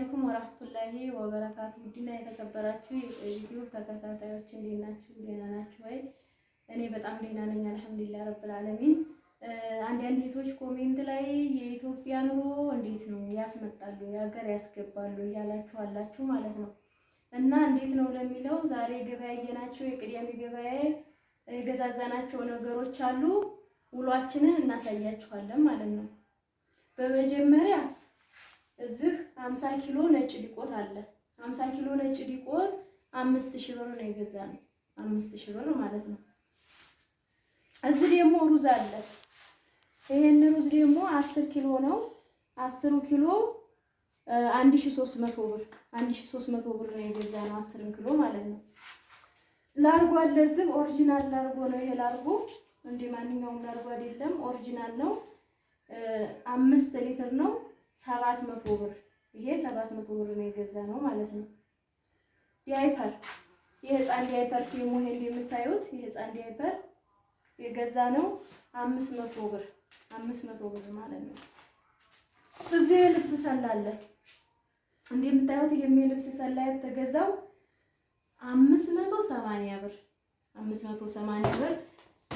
አለይኩም ወራህመቱላሂ ወበረካቱ። ውድና የተከበራችሁ የዩቲዩብ ተከታታዮች እንዴት ናችሁ? ደህና ናችሁ ወይ? እኔ በጣም ደህና ነኝ አልሐምዱሊላህ ረብል ዓለሚን። አንዳንድ እህቶች ኮሜንት ላይ የኢትዮጵያ ኑሮ እንዴት ነው ያስመጣሉ የሀገር ያስገባሉ እያላችሁ አላችሁ ማለት ነው። እና እንዴት ነው ለሚለው ዛሬ ገበያየናቸው የቅዳሜ ገበያ የገዛዛናቸው ነገሮች አሉ። ውሏችንን እናሳያችኋለን ማለት ነው። በመጀመሪያ እዚህ 50 ኪሎ ነጭ ዲቆት አለ። 50 ኪሎ ነጭ ዲቆት አምስት ብር ነው የገዛነው። አምስት ሺህ ብር ማለት ነው። እዚህ ደግሞ ሩዝ አለ። ይሄን ሩዝ ደግሞ 10 ኪሎ ነው። 10 ኪሎ 1300 ብር 1300 ብር ነው የገዛነው 10 ኪሎ ማለት ነው። ላርጎ አለ እዚህ ኦሪጅናል ላርጎ ነው። ይሄ ላርጎ እንደ ማንኛውም ላርጎ አይደለም፣ ኦሪጂናል ነው። አምስት ሊትር ነው ሰባት መቶ ብር ይሄ ሰባት መቶ ብር ነው የገዛ ነው ማለት ነው። ዳይፐር የህፃን ዳይፐር ፊልሙ ሄንድ የምታዩት የህፃን ዳይፐር የገዛ ነው አምስት መቶ ብር አምስት መቶ ብር ማለት ነው። እዚህ ልብስ ሰላለ እንደምታዩት ይሄም ልብስ ሰላ የተገዛው አምስት መቶ ሰማንያ ብር አምስት መቶ ሰማንያ ብር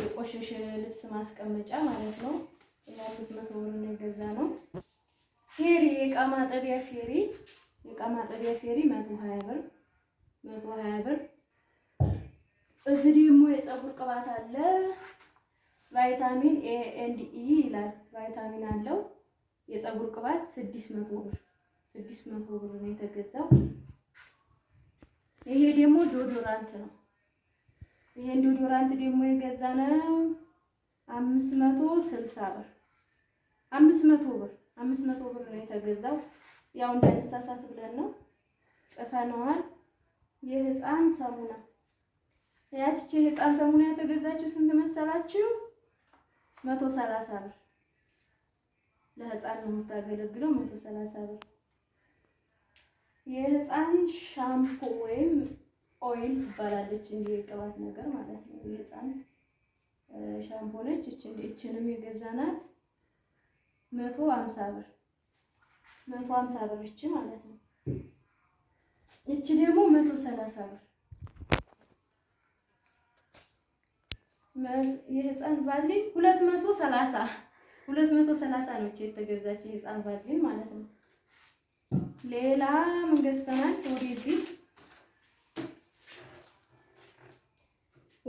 የቆሸሸ ልብስ ማስቀመጫ ማለት ነው። አምስት መቶ ብር ነው የገዛ ነው። ፌሪ የእቃ ማጠቢያ ፌሪ የእቃ ማጠቢያ ፌሪ መቶ ብር መቶ ብር። እዚህ ደግሞ የፀጉር ቅባት አለ። ቫይታሚን ኤ ኤንድ ኢ ይላል ቫይታሚን አለው። የፀጉር ቅባት ስድስት ብር ስድስት ብር ነው የተገዛው። ይሄ ደግሞ ዶዶራንት ነው። ይሄን ዶዶራንት ደግሞ የገዛነው አምስት መቶ ስልሳ ብር አምስት ብር አምስት መቶ ብር ነው የተገዛው። ያው እንዳንሳሳት ብለን ነው ጽፈነዋል። የህፃን ሳሙና ያቺ የህፃን ሳሙና የተገዛችው ስንት መሰላችሁ? መቶ ሰላሳ ብር ለህፃን ነው የምታገለግለው። መቶ ሰላሳ ብር የህፃን ሻምፖ ወይም ኦይል ትባላለች። እንዲህ የቅባት ነገር ማለት ነው። የህፃን ሻምፖ ነች። እችንም የገዛናት መቶ ሀምሳ ብር መቶ ሀምሳ ብር እቺ ማለት ነው። እቺ ደግሞ መቶ ሰላሳ ብር የህፃን ቫዝሊን ሁለት መቶ ሰላሳ ሁለት መቶ ሰላሳ ነው የተገዛች የህፃን ቫዝሊን ማለት ነው። ሌላ ምን ገዝተናል? ወደዚህ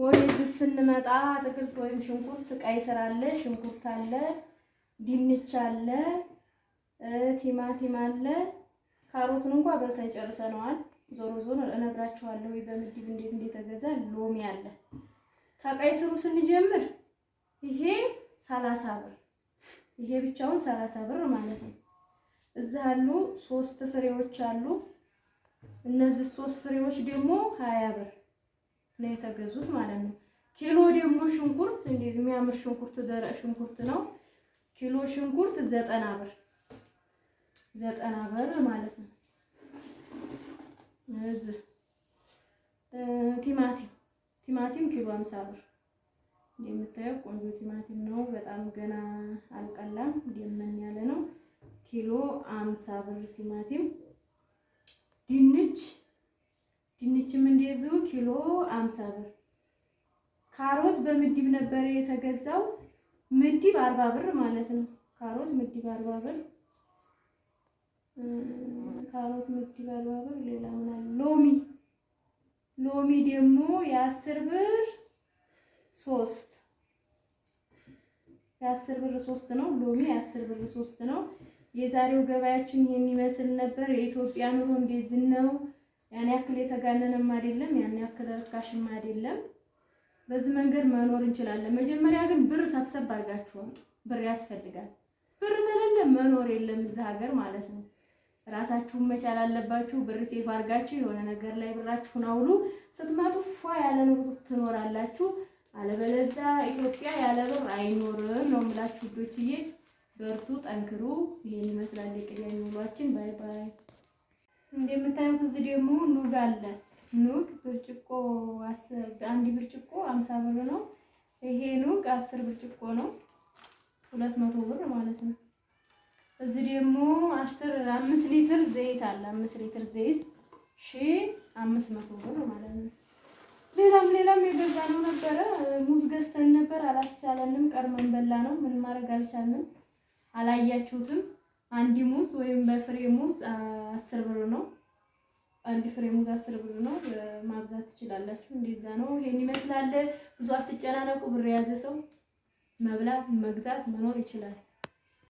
ወደዚህ ስንመጣ አትክልት ወይም ሽንኩርት ቀይ ስር አለ፣ ሽንኩርት አለ ድንች አለ፣ ቲማቲም አለ። ካሮቱን እንኳ በልተን ጨርሰነዋል። ዞሮ ዞሮ እነግራችኋለሁ በምድብ እንዴት እንደተገዛ። ሎሚ አለ። ከቀይ ስሩ ስንጀምር ይሄ ሰላሳ ብር ይሄ ብቻውን ሰላሳ ብር ማለት ነው። እዚህ አሉ ሶስት ፍሬዎች አሉ። እነዚህ ሶስት ፍሬዎች ደግሞ ሀያ ብር ነው የተገዙት ማለት ነው። ኪሎ ደግሞ ሽንኩርት እንዴ የሚያምር ሽንኩርት ደረቅ ሽንኩርት ነው ኪሎ ሽንኩርት ዘጠና ብር ዘጠና ብር ማለት ነው። እዚህ ቲማቲም ቲማቲም ኪሎ አምሳ ብር እንደምታየው ቆንጆ ቲማቲም ነው። በጣም ገና አልቀላም እንደምን ያለ ነው። ኪሎ አምሳ ብር ቲማቲም። ድንች ድንችም እንደዚሁ ኪሎ አምሳ ብር። ካሮት በምድብ ነበር የተገዛው ምድብ አርባ ብር ማለት ነው። ካሮት ምድብ አርባ ብር ካሮት ምድብ አርባ ብር። ሌላ ምን አለ? ሎሚ ሎሚ ደግሞ የአስር ብር ሶስት የአስር ብር ሶስት ነው። ሎሚ የአስር ብር ሶስት ነው። የዛሬው ገበያችን ይህን ይመስል ነበር። የኢትዮጵያ ኑሮ እንደዚህ ነው። ያን ያክል የተጋነነም አይደለም፣ ያን ያክል ርካሽም አይደለም። በዚህ መንገድ መኖር እንችላለን። መጀመሪያ ግን ብር ሰብሰብ አድርጋችሁ ብር ያስፈልጋል። ብር ተለለ መኖር የለም እዚህ ሀገር ማለት ነው። ራሳችሁን መቻል አለባችሁ። ብር ሴፍ አድርጋችሁ የሆነ ነገር ላይ ብራችሁን አውሉ። ስትመጡ ፏ ያለ ኑሮ ትኖራላችሁ። አለበለዛ ኢትዮጵያ ያለ ብር አይኖርም ነው የምላችሁ ውዶችዬ። በርቱ፣ ጠንክሩ። ይሄን ይመስላል የቅዳሜ ውሏችን። ባይ ባይ። እንደምታዩት እዚህ ደግሞ ኑግ አለ ኑግ ብርጭቆ አንድ ብርጭቆ አምሳ ብር ነው። ይሄ ኑግ አስር ብርጭቆ ነው ሁለት መቶ ብር ማለት ነው። እዚህ ደግሞ አስር አምስት ሊትር ዘይት አለ አምስት ሊትር ዘይት ሺ አምስት መቶ ብር ማለት ነው። ሌላም ሌላም የገዛ ነው ነበረ። ሙዝ ገዝተን ነበር አላስቻለንም፣ ቀርመን በላ ነው። ምን ማድረግ አልቻልንም። አላያችሁትም። አንድ ሙዝ ወይም በፍሬ ሙዝ አስር ብር ነው። አንድ ፍሬ ሙዝ አስር ብር ነው። ማብዛት ትችላላችሁ። እንደዛ ነው። ይሄን ይመስላል። ብዙ አትጨናነቁ። ብር የያዘ ሰው መብላት፣ መግዛት፣ መኖር ይችላል።